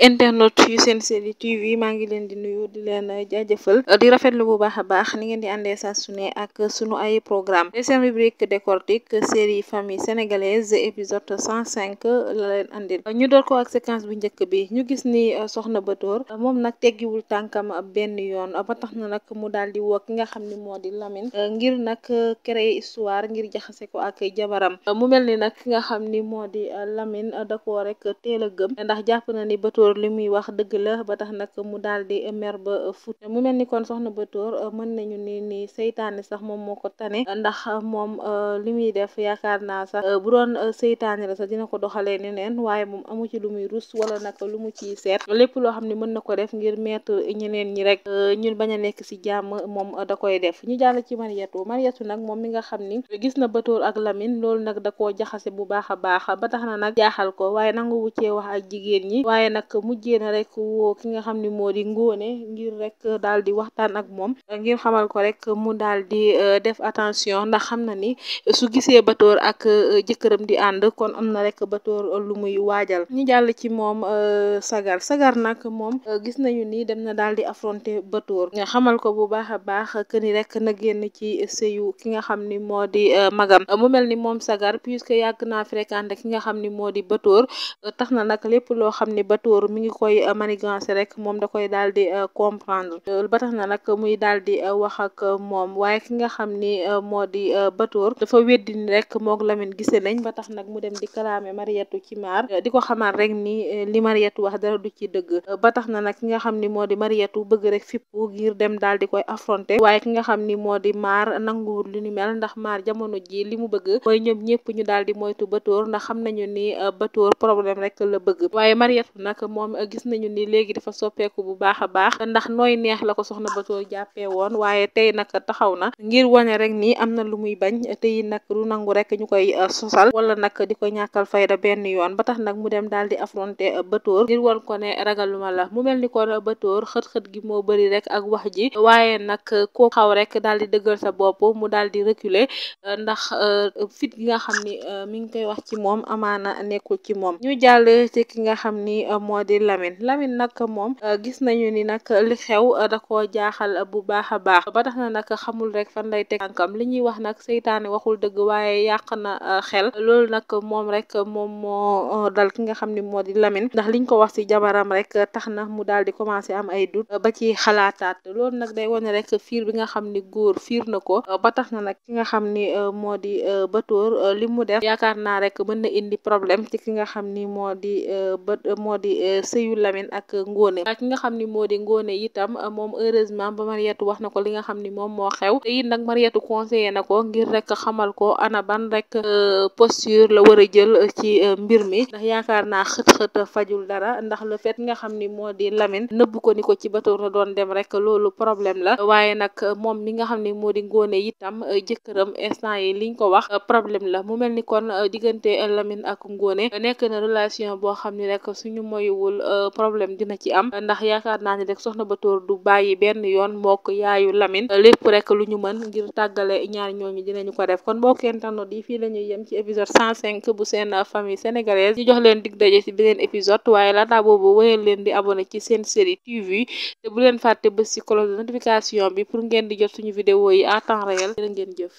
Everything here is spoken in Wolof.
internet yu seen sedi tv maa ngi leen di nuyu di leen a jaajëfal di rafetlu bu baax a baax ni ngeen di àndee saa su ne ak sunu ay programme te seen rubrique décortique série famille sénégalaise épisode 105 la leen andil ñu door ko ak séquence bu njëkk bi ñu gis ni euh, soxna Batoor moom nag teggiwul tànkam benn yoon ba tax na nag mu daal di woo ki nga xam ni moo di Lamine euh, ngir nag euh, créer histoire ngir jaxase ko ak jabaram mu mel ni nag ki nga xam ni moo di Lamine da koo rek teel a gëm Bator li muy wax dëgg la ba tax nag mu daal di mer ba fut mu mel ni kon soxna Bator euh, mën nañu ni ni seytaane sax moom moo ko tane ndax euh, moom euh, li muy def yaakaar naa sax bu doon seytaane la sax dina ko doxalee neneen waaye moom amu ci lu muy rus wala nag lu mu ciy seet lépp loo xam ne mën na ko def ngir mettre ñeneen ñi rek ñun bañ a nekk si jàmm moom da koy def ñu jàll ci Mariatu Mariatu nag moom mi nga xam ni gis na Bator ak Lamine loolu nag da koo jaxase bu baax a baax ba tax na nag jaaxal ko waaye nangu wuccee wax ak jigéen ñi waaye nag mujjee na rek woo ki nga xam ni moo di ngóone ngir rek daal di waxtaan ak moom ngir xamal ko rek mu daal di euh, def attention ndax xam na ni su gisee batoor ak euh, jëkkëram di ànd kon am na rek batoor lu muy waajal ñu jàll ci moom euh, sagar sagar nag moom gis nañu ni dem na daal di affronter batoor nga xamal ko bu baax a baax que ni rek na génn ci sëyu ki nga xam ni moo di magam mu mel ni moom sagar puisque yàgg naa fréquenté ki nga xam ni moo di batoor tax na nag lépp xam ni batoor góor mi ngi koy euh, manigancé rek moom da koy daal di euh, comprendre euh, ba tax na nag muy daal di wax ak moom waaye ki nga xam ni moo di Batoor dafa weddi ni rek moog Lamine gisee nañ ba tax nag mu dem di kalaame Mariatu ci maar di ko xamaat rek ni li Mariatu wax dara du ci dëgg ba tax na nag ki nga xam ni moo di Mariatu bëgg rek fippu ngir dem daal di koy affronté waaye ki nga xam ni moo di maar nanguwul lu ni mel ndax maar jamono ji li mu bëgg mooy ñoom ñëpp ñu daal di moytu Batoor ndax xam nañu ni Batoor problème rek la bëgg waaye Mariatu nag moom eh, gis nañu ni léegi dafa soppeeku bu baax a baax ndax nooy neex la ko soxna Bator jàppee woon waaye tey nag taxaw na ngir wane rek ni am na lu muy bañ tey nag ru nangu rek ñu koy eh, sosal wala nag di ko ñàkkal fay da benn yoon ba tax nag mu dem daal di affronter eh, Bator ngir wan ko ne ragaluma la mu mel ni kon Bator xët-xët gi moo bari rek ak wax ji waaye nag koo xaw rek daal di dëggal sa bopp mu daal di reculer ndax fit gi nga xam ni mu ngi koy wax ci moom moo di Lamine Lamine nag moom euh, gis nañu ni nag li xew euh, da koo jaaxal bu baax a baax ba tax na nag xamul rek fan lay teg tànkam li ñuy wax nag seytaane waxul dëgg waaye yàq na euh, xel loolu nag moom rek moom moo dal ki nga xam ni moo di Lamine ndax liñ ko wax ci jabaram rek tax na mu daal di commencé am ay doute ba ci xalaataat loolu nag day wane rek fiir bi nga xam ni góor fiir na ko ba tax na nag ki nga xam ni moo di Batoor li mu def yaakaar naa rek mën na indi problème ci ki nga xam ni moo sëyu Lamine ak Ngone ki nga xam ni moo di Ngone itam moom heureusement ba Mariétou wax na ko li nga xam ni moom moo xew te it nag Mariétou conseillé na ko ngir rek xamal ko ana ban rek euh, posture la war a jël ci euh, mbir mi ndax yaakaar naa xët-xët fajul dara ndax la fait nga xam ni moo di Lamine nëbb ko ni ko ci bateau la doon dem rek loolu problème la waaye nag moom mi nga xam ni moo di Ngone itam euh, jëkkëram instant yi liñ ko wax problème la mu mel ni kon diggante Lamine moytuwul euh, problème dina ci am ndax yaakaar naa ni rek soxna Batoor du bàyyi benn yoon mook yaayu Lamine euh, lépp rek lu ñu mën ngir tàggale ñaar ñooñu dinañu ko def kon mbokkeen tanoot yi fii la ñuy yem ci épisode 105 bu seen euh, famille sénégalaise ñu jox leen dig daje si beneen épisode waaye laata boobu wéyal leen di abonné ci seen série TV te bu leen fàtte bës si cloche de notification bi pour ngeen di jot suñu vidéo yi à temps réel jërë ngeen jëf